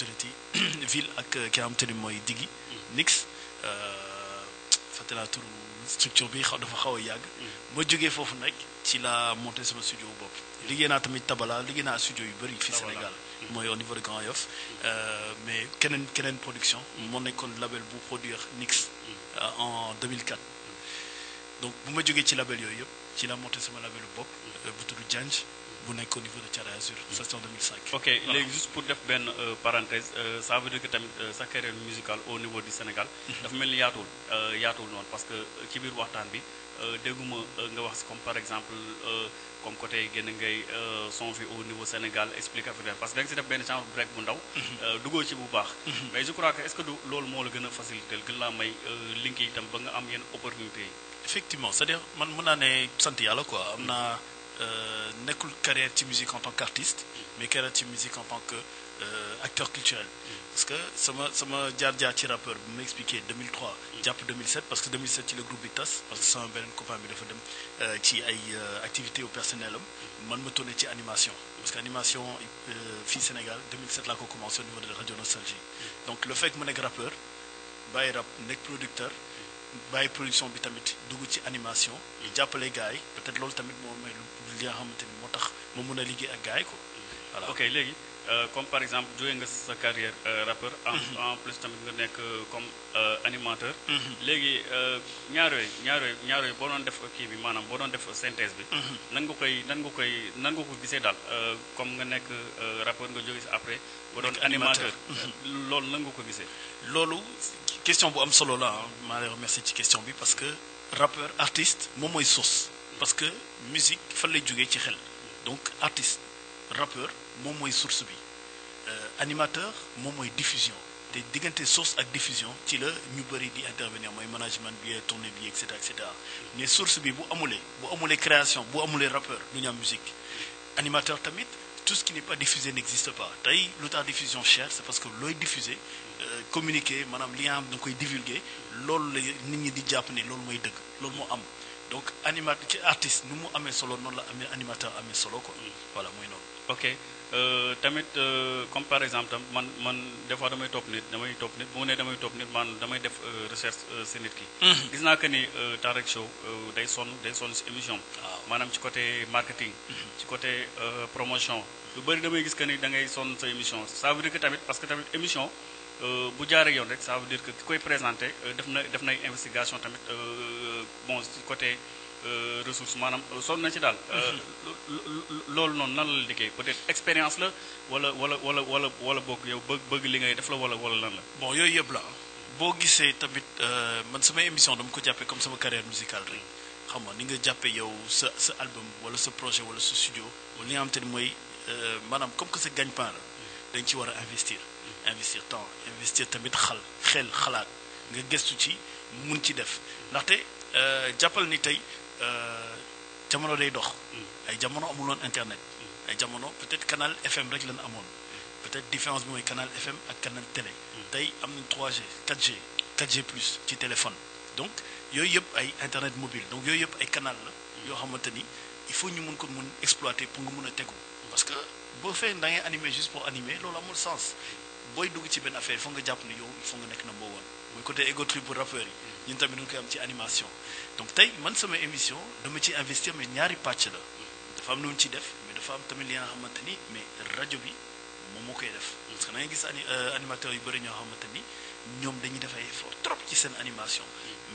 tunati ville ak euh, ki nga xamante ni mooy mm. Nix euh structure bi xaw dafa xaw yag yàgg mm. ma jógee foofu nag ci la monté sama studio bop liggéey naa tamit tabala liggéey naa studio yu bari fi Sénégal moy mm. au niveau de Grand euh mais Kenen kenen production moo nekkoon label bu produire Nix euh, en 2004 donc bu ma jógee ci label yooyu yëpp ci la monter sama label bop euh, bu tudd Janj bu nekk au niveau de thierry Azur session 2005. ok juste pour def benn euh, parenthèse euh, ça veut dire que tamit euh, sa carrière musicale au niveau du Sénégal. Mhm. dafa mel ni yaatuwul yaatuwul noonu parce que ci biir waxtaan bi dégguma nga wax comme par exemple comme côté génn ngay son fi au niveau Sénégal explique parce que da nga si def benn genre break bu ndaw. Mhm. ci bu baax. Mhm. mais je crois que est-ce que du loolu moo la gën a facilité gën laa may link ba nga am yenn opportunité effectivement c'est-à-dire man mën naa ne sant yàlla quoi am naa. Euh, nekkul carrière ci musique en tant qu'artiste mais carrière ci musique en tant que euh, acteur culturel parce que sama sama jaar-jaar ci rappeur bi ma 2003 japp 2007 parce que 2007 ci le groupe bi parce que sama benen copain bi dafa dem euh, ci ay activité au personnel man ma tourné ci animation parce que animation fi Sénégal 2007 là ko commencé au niveau de la radio Nostalgie donc le fait que mon un rappeur je rap un producteur bàyyi production bi tamit dugg ci animation ñu jàppale gars yi peut-être loolu tamit moo may lu li nga xamante ni moo tax ma mun a liggéey ak gars ko quoi ok léegi Euh, comme par exemple jóge nga sa carrière euh, rappeur. en mhm. en plus tamit nga nekk euh, comme animateur. Mhm. léegi ñaar yooyu ñaar yooyu ñaar boo doon def kii bi maanaam boo doon def synthèse bi. Mhm. nan nga koy nan nga koy nan nga ko gisee daal comme nga nekk rappeur nga jóge si après. ba doon animateur loolu nan nga ko gisee. loolu question bu am solo la maa lay remercier ci question bi parce que rappeur artiste moom mooy source. parce que musique fan lay jógee ci xel donc artiste. rappeur moom mooy source bi euh, animateur moom mooy diffusion té diggante source ak diffusion ci la ñu bari di intervenir moy management bi tourner bi et cetera et cetera mais source bi bu amulé bu amulé création bu amulé rappeur du ñam musique animateur tamit tout ce qui n'est pas diffusé n'existe pas tay lu diffusion chère c'est parce que looy diffuser euh, communiquer manam li nga xam koy divulguer loolu la nit ñi di japp ne loolu moy dëgg loolu mo am donc animateur, ci artiste nu mu amee solo non la amé animateur amé solo quoi voilà ok euh, tamit euh, comme par exemple man man des fois damay top nit damay topp nit bu mu nee damay topp nit man damay def euh, recherche si nit ki. Mhm. gis naa que ni Tarek Show day sonn day sonn si émission maanaam ci côté marketing. Mhm. ci côté promotion. lu bëri damay gis que ni da ngay sonn sa émission ça veut dire que tamit parce que tamit émission. bu jaaree yoon rek ça veut dire que ki koy présenté def na def nay investigation tamit bon côté. Euh, ressource manam euh, son na ci dal euh, mhm. loolu non nan la liggéey peut-être expérience la wala wala wala wala wala boog yow bëgg bëgg li ngay def la wala wala lan la. bon yooyu yëpp la boo gisee tamit man sama émission dama ko jàppee comme sama carrière musicale rek xam nga ni nga jàppee yow sa sa album wala sa projet wala sa studio li nga xam te ni mooy maanaam comme que sa gagne-pain la dañ ci war a investir. Mhm. investir temps investir tamit xal xel xalaat nga gëstu ci mun ci def ndaxte jàppal ni tey euh, jamono day dox. ay jamono amul internet. ay jamono peut-être canal FM rek lañ amoon. peut-être différence bi mooy canal FM ak canal télé. tey am 3G 4G 4G plus ci téléphone. donc yooyu yëpp ay internet mobile donc yooyu yëpp ay canal la. yoo xamante ni il faut ñu mun ko mun exploiter pour nga mun a tegu. parce que boo fee da ngay animer juste pour animer loolu amul sens. booy dugg ci benn affaire il faut nga jàpp ni yow il faut nga nekk na mboo mooy côté ego trip bu rappeurs yi. ñun tamit ñu koy am ci animation. donc tay man sama émission dama ci investir mais ñaari pàcc la dafa am lu ñu ciy def mais dafa am tamit li nga xamante ni mais rajo bi moom moo koy def. parce que da ngay gis ani euh, animateurs yu bëri ñoo xamante ni ñoom dañuy def ay effort trop ci seen animation.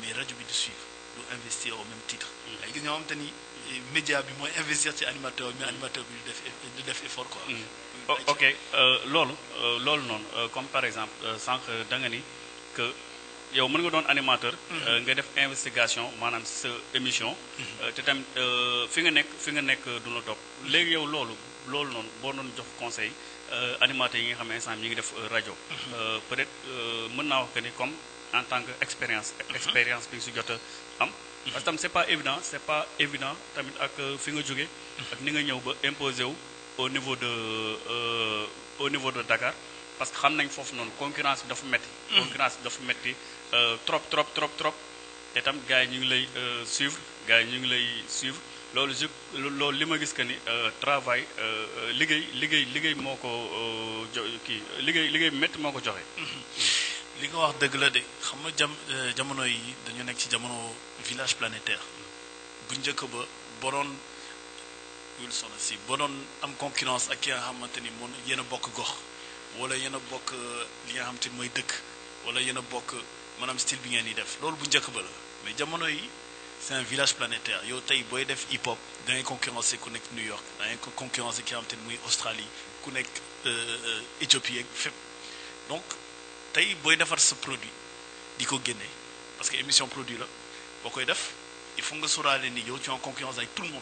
mais rajo bi du suivre du investir au même titre. ay gis ñoo xamante ni euh, média bi mooy investir ci animateur mais animateur bi du def du def effort quoi. Mm. ok euh, loolu loolu noonu comme par exemple sànq da nga ni que. yow mën nga doon animateur. Mhm. Euh, nga def investigation maanaam sa émission. Mhm. Euh, te tamit euh, fi nga nekk fi nga nekk du la topp léegi yow loolu loolu noonu boo doon jox conseil animateurs yi nga xam ne instant ñi ngi def rajo. Mhm. peut-être mën naa wax que ni comme en tant que expérience. expérience bi nga si jot a am. parce que tam c'est pas évident c'est pas évident tamit ak fi nga jóge ak ni nga ñëw ba imposer wu au niveau de au niveau de Dakar. parce que xam nañ foofu noonu concurrence bi dafa métti. Mm. concurrence bi dafa métti euh, trop trop trop trop te tam gars yi ñu ngi lay euh, suivre gars yi ñu ngi lay suivre loolu je loolu li ma gis que ni euh, travail liggéey liggéey liggéey moo ko jo kii liggéey liggéey métti moo ko joxe. Mm-hmm. li nga wax dëgg la de xam nga jam jamono yi dañu nekk ci jamono village planétaire bu njëkk ba boo doon wul soxna si boo doon am concurrence ak ki nga xamante ni moom yéen a bokk gox wala yéen a bokk euh, li nga xam te mooy dëkk wala yéen a bokk maanaam style bi ngeen di def loolu bu njëkk ba la mais jamono yi c'est un village planétaire yow tey booy def hip hop da ngay concurrencer ku nekk New York da ngay concurrencer ki nga xam te muy Australie ku nekk euh, euh, Éthiopie ak fépp donc tey booy defar sa produit di ko génne parce que émission produit la boo koy def il faut nga sóoraale ni yow tu en concurrence avec tout le monde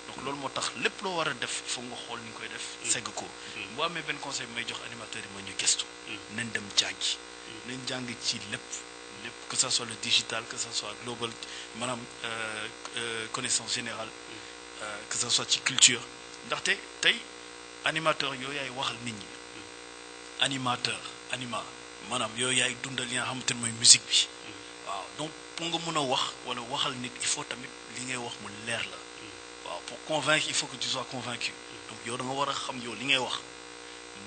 donc loolu moo tax lépp loo war a def foog nga xool ni ñu koy def mm. segg ko mm. boo amee benn conseil may jox animateur yi mooy ñu gëstu mm. nañ dem jàngi nañ jàng ci lépp lépp que ça soit le digital que ça soit global maanaam euh, euh, connaissance générale euh, que ça soit ci culture ndaxte tey animateur yooyu yaay waxal nit ñi animateur anima maanaam yooyu yaay dundal li nga xamante ne mooy musique bi waaw donc pour nga mën a wax wala waxal nit il faut tamit li ngay wax mu leer la pour convaincre il faut que tu sois convaincu donc yow da nga war a xam yow li ngay wax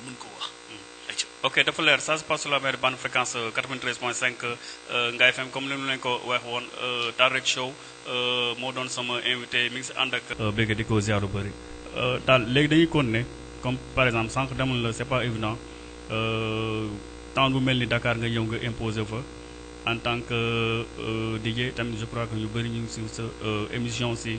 mën ko wax. Hmm. ok dafa leer ça se passe sur la mer bande fréquence 93.5 euh, euh, Ngaye FM comme ni mu leen ko waxee woon euh, Show moo doon sama invité mix ngi si ànd ak. béykat di ko ziar lu bëri. daal comme par exemple sànq demoon la c'est pas évident temps bu mel ni Dakar nga ñëw nga imposer en tant que DJ tamit je crois que ñu bëri ñu ngi si émission si.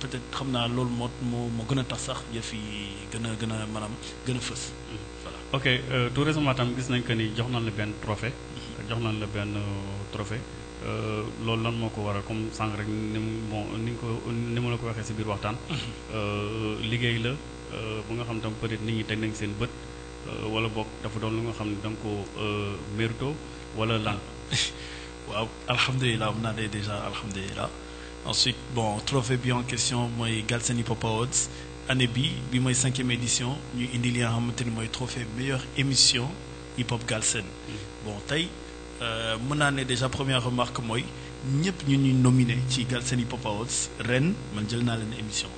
peut-être xam naa loolu moo moo moo gën a tax sax yëf yi gën a gën a maanaam gën a fës. ok euh, tout tam gis nañ que ni jox nañ la benn trophée mhm. jox nañ la benn euh, trophée euh, loolu lan moo ko waral comme sànq rek ni bon ni ko ni ma la ko waxee si biir waxtaan. Mhm. liggéey la bu nga xam tam peut-être nit ñi teg nañ seen bët wala boog dafa doon lu nga xam ne da nga koo mérito wala lan. waaw alhamdulilah mun naa dee déjà alhamdulilah. ensuite bon trophée bien en question moi Galsani Papa année bi bi moi cinquième édition nous indi li nga trophée meilleure émission hip hop Galsen mm. bon taille, euh, mon année déjà première remarque nous ñëpp ñu ñuy nominé ci Galsen Hip Hop Awards ren man jël naa une émission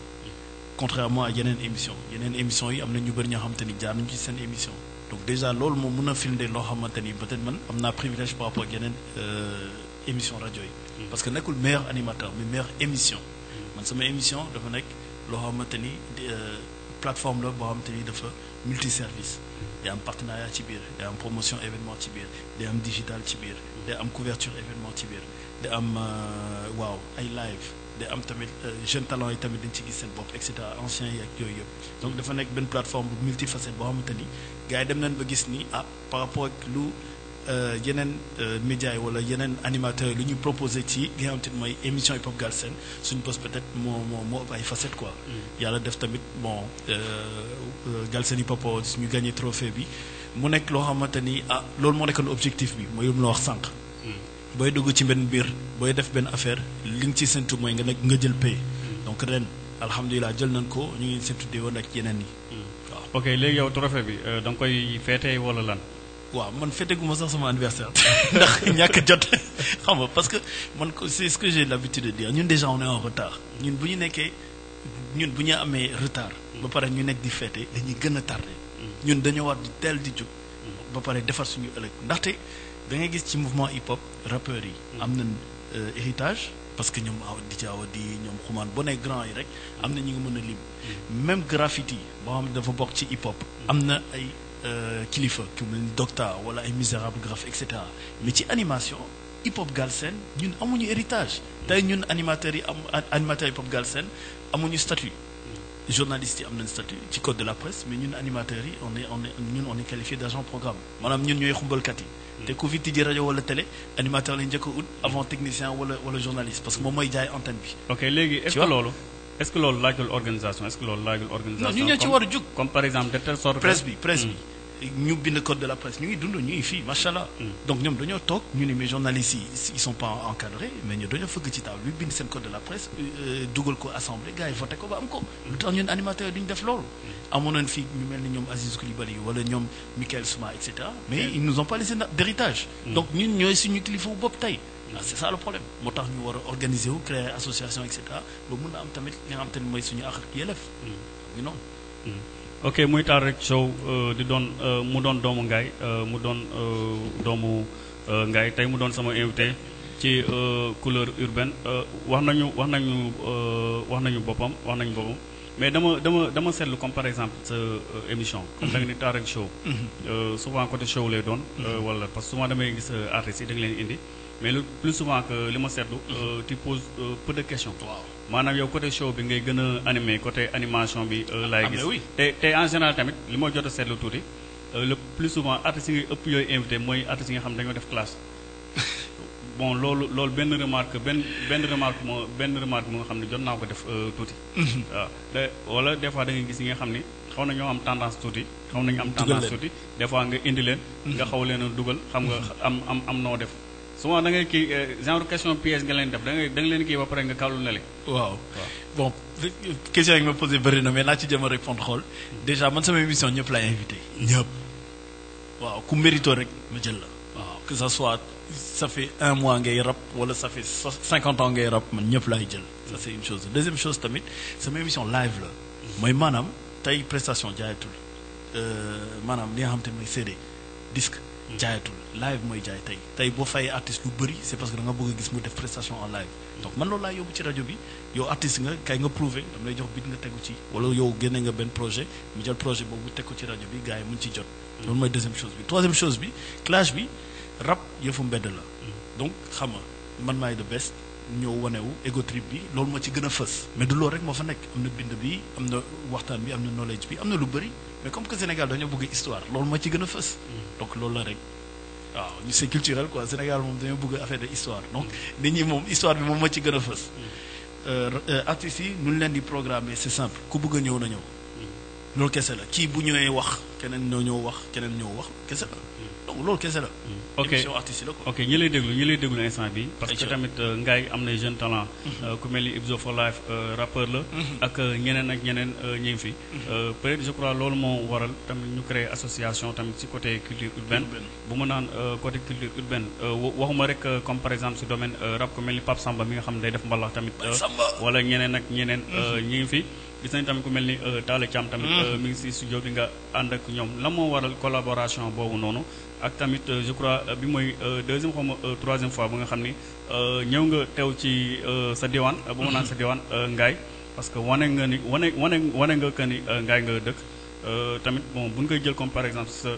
contrairement à yeneen émission yeneen émission yi am émission, ñu y a une émission, il ci une émission donc déjà loolu moom mën a filndee loo de peut-être man a privilège par rapport à émission émission radio parce que nekkul meilleur animateur mais meilleur émission. man sama émission dafa nek loo xamante ni euh, plateforme la boo de ni multi service day am partenariat ci biir day am promotion événement ci biir day am digital ci biir. day am couverture événement ci biir day am euh, waaw ay live. day am tamit euh, jeune talent yi tamit dañ ci gis seen bopp et cetera anciens yi ak donc dafa nekk benn plateforme bu multifacette boo xamante ni gars yi dem nañ ba gis ni ah par rapport ak lu euh, yeneen euh, médias yi wala yeneen animateur yi lu ñu proposé ci li nga mooy émission hip hop Galsen suñu bës peut être moo moo moo ëpp ay facette quoi. Mm. yàlla def tamit bon euh, Galsen hip hop ñu gagné trophée bi mu nekk loo xamante ni ah loolu moo nekkoon objectif bi mooy lu mu wax sànq. Mm. booy dugg ci benn biir booy def benn affaire li ci ciy séntu mooy nga nekk nga jël pay. Mm. donc ren alhamdulilah jël nañ ko ñu ngi séntu di woon ak yeneen yi. waaw ok léegi yow trophée bi da nga koy féetee wala lan waaw man ma sax anniversaire parce que c'est ce que j'ai l'habitude de dire sommes déjà on est en retard ñun bu sommes ñun retard ba pare ñu nekk di fête dañuy nous sommes tardé ñun Nous war di teel di sommes ba pare defar suñu da ngay gis ci mouvement hip hop rappeurs yi am euh, héritage parce que ñom aw di ci aw di ñoom bu ne grand yi rek amna ñi nga mën lim même graffiti boo xam dafa bok ci hip hop amna ay euh, kilifa ku mel docteur wala ay misérable graphe etc. mais ci animation hip hop Galsen ñun amuñu héritage tay ñun animateur yi am animateur hip hop Galsen amuñu statut Journaliste, qui a un statut ci code de la presse mais ñun animateurs on est on est ñun on est qualifié dagent programme maanaam ñun ñooy xumbalkat yi hmm. te ku fi tijji rajo wala télé animateur lañ njëkk avant technicien ou le journaliste parce que moom mooy jaay antenne bi ok Légui, est ce que loolu est ce que loolu laajul organisation est ce que loolu laajul organisation non nous ñoo ci war comme par exemple de telle sorte presby. bi presse hmm ñu le code de la presse nous dund mm. donc ñu mes journalistes ils sont pas encadrés mais ñu faut fëgg ci table bind code de la presse euh, dougal ko assemblée gars voté ko ba am ko. Mm. lu tax ñun mm. Michael etc mais ils nous ont pas laissé d'héritage donc ñun ah, c'est ça le problème organiser créer association et am tamit suñu ok muy Tall Rek Show euh, di doon euh, mu doon doomu ngaay euh, mu doon doomu Ngaye tey mu doon sama invité ci couleur urbaine wax nañu wax nañu wax nañu boppam wax nañu boppam mais dama dama dama seetlu comme par exemple sa émission. Mhm. comme da nga ni Tall Rek Show. Mhm. souvent côté show lay doon. Mhm. wala parce que souvent demee gis artistes yi da nga leen indi. mais le plus souvent que li ma seetlu. Euh, mhm. tu poses euh, peu de questions. waaw maanaam yow côté show bi ngay gën a animé côté animation bi. Euh, laay ah, gis te te en général tamit li ma jot a seetlu tuuti. le plus souvent artistes yi ngay ëpp yooyu invité mooy artistes yi nga xam ne dañoo def classe. bon loolu loolu benn remarque benn benn remarque moo benn remarque moo nga xam ne jot naa ko def tuuti. Mhm. waaw te wala des fois da ngay gis yi nga xam ne xaw nañoo am tendance tuuti. xaw ñu am tendance tuuti des fois nga indi leen. Mhm. nga xaw leen a dugal xam nga am am am noo def souvent da ngay kii euh, genre question piège nga leen def da ngay da nga leen kii ba pare nga kawlu na le waaw bon question yi nga ma posé bëri na mais naa ci jëm a répondre xool déjà man sama émission ñëpp laay invité ñëpp waaw ku mérito rek ma jël la waaw que ça soit ça fait un mois ngay rap wala ça fait cinquante ans ngay rap man ñëpp laay jël ça c'est une chose deuxième chose tamit sama émission live la mooy maanaam tey prestation jaayatul euh, maanaam li nga xam te mooy CD disque jaayatul live moy jay tay tey boo fayee artiste lu bëri c'est parce que da nga bëgg gis mu def prestation en live donc man loolu la yóbbu ci radio bi yow artiste nga kay nga prouver dama lay jox bit nga teggu ci wala yow génne nga ben projet mu jël projet bobu teg ci radio bi gaay yi ci jot loolu moy deuxième chose bi troisième chose bi clash bi rap yëfu mbedd la donc xama man may the best ñëw wanewu ego trip bi loolu ma ci gën a fës mais du loolu rek moo fa nekk am na bind bi am na waxtaan bi am na knowledge bi am na lu bëri mais comme que Sénégal dañoo bëgg histoire loolu ma ci gën a fës mm. donc loolu la rek waaw c'est culturel quoi Sénégal moom dañoo bëgg affaire de histoire donc nit ñi moom histoire bi moom moo ci gën a fës. Euh, euh, artistes yi nu ñu leen di programmer c'est simple ku bëgg a ñëw na ñëw. loolu kese la kii bu ñëwee wax keneen ñoo ñëw wax keneen ñëw wax kese la mm. donc loolu kese la. Mm ok émission artiste la quoi. ok ñi lay déglu ñi lay déglu instant bi parce que tamit euh, ngaay am na jeune talent. Mhm. Euh, ku mel ni Ibzo for life euh, rappeur la. Mhm. ak ñeneen ak ñeneen ñi ngi fi. Mhm. peut-être je crois loolu moo waral tamit ñu créer association tamit si côté culture urbaine. bu ma naan côté culture urbaine waxuma rek comme par exemple si domaine rap ku mel ni Pape Samba mi nga xam ne day def mbalax tamit. wala ñeneen ak ñeneen ñi fi. gis nañu tamit ku mel ni Talla Thiam tamit. mi ngi si studio bi nga ànd ak ñoom lan moo waral collaboration boobu noonu. ak tamit euh, je crois euh, bi mooy euh, deuxième xaw ma troisième fois ba nga xam ni ñëw nga tew ci sa diwaan. bu ma naan sa diwaan mhm. Ngaye. parce que wane nga ni wane wane wane nga que ni ngaay nga dëkk tamit bon bu ngay koy jël comme par exemple sa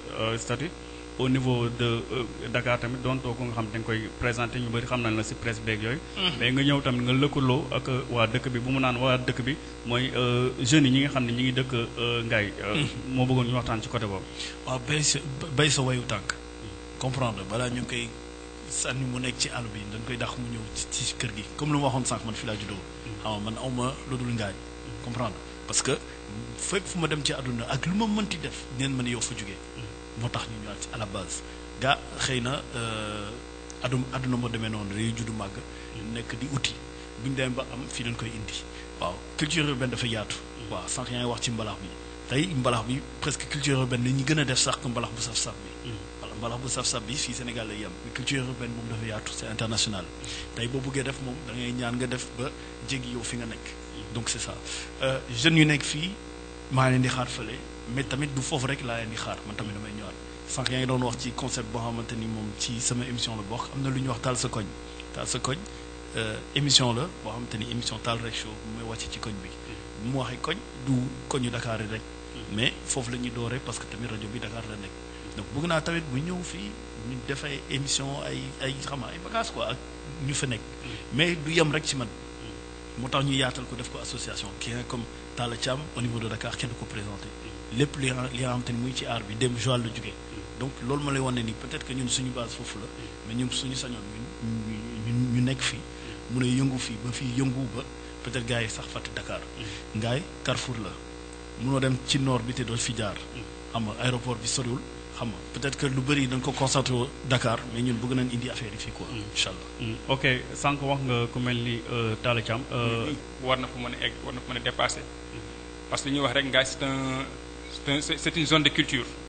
statut. au niveau de euh, Dakar tamit doontoo ko nga xam te nga koy présenté ñu bëri xam na la si presse beeg yooyu. Mm-hmm. mais nga ñëw tamit nga lëkkaloo ak euh, waa dëkk bi bu mu naan waa dëkk bi mooy euh, jeunes yi ñi nga xam ne ñi ngi dëkk Ngaye. Mm-hmm. moo bëggoon ñu waxtaan ci côté boobu. waaw bay sa bay sa wayu tànk. comprendre balaa ñu koy sànni mu nekk ci àll bi dañ koy dàq mu ñëw ci kër gi comme lu ma waxoon sànq man fi laa juddoo. Mm-hmm. xam man aw ma lu dul Ngaye. comprendre parce que f fu ma dem ci àdduna ak lu ma mënti def neen ma yow fa jugee. moo tax ñu ñëwaat à la base ga xëy na euh, adum àdduna moo demee noonu dañuy juddu màgg nekk di outil bu ñu ba am fii dañ koy indi waaw culture urbaine dafa yaatu waaw sànq yaa ngi wax ci mbalax bi tey mbalax bi presque culture urbaine li ñu gën a def sax que mbalax bu saf-saf bi mm. voilà mbalax bu saf-saf bi fii Sénégal lay yem culture urbaine moom dafa yaatu c'est international tey boo bëggee def moom da ngay ñaan nga def ba jéggi yow fi nga nekk mm. donc c'est ça euh, jeunes yu nekk fii maa leen di xaar fële mais tamit du foofu rek laa leen di xaar man tamit damay ñëwaat sànq yaa ngi doon wax ci concept boo xamante ni moom ci sama émission la bokk am na lu ñu wax taal sa koñ taal sa koñ euh, émission la boo xamante ni émission taal rek show mooy wàcc ci koñ bi bu mu waxee koñ du koñu Dakar rek mais foofu la ñuy dooree parce que tamit rajo bi Dakar la nekk donc bëgg naa tamit bu ñëw fii ñu def émission ay ay xam ay bagages quoi ak ñu fa nekk mais du yem rek ci man moo tax ñu yaatal ko def ko association ki comme Talla Thiam au niveau de Dakar kenn du ko présenté lépp li li nga xam te ni muy ci aar bi dem Joal la jógee donc loolu ma lay wan ne ni peut-être que ñun suñu base foofu la mais ñun suñu sañoon ñun ñu nekk fii mun a yëngu fii ba fii yëngu ba peut-être gars yi sax fàtte Dakar ngaay Carrefour la munoo dem ci noor bi te doo fi jaar xam nga aéroport bi soriwul xam nga peut-être que lu bëri dañ ko concentré Dakar mais ñun bëgg nañ indi affaire yi fii quoi. incha allah mm. ok sànq wax nga ku mel ni euh, Talla euh, war na ko ma a egg war na ko mën a mm-hmm. que li ñuy wax rek c'est une zone de culture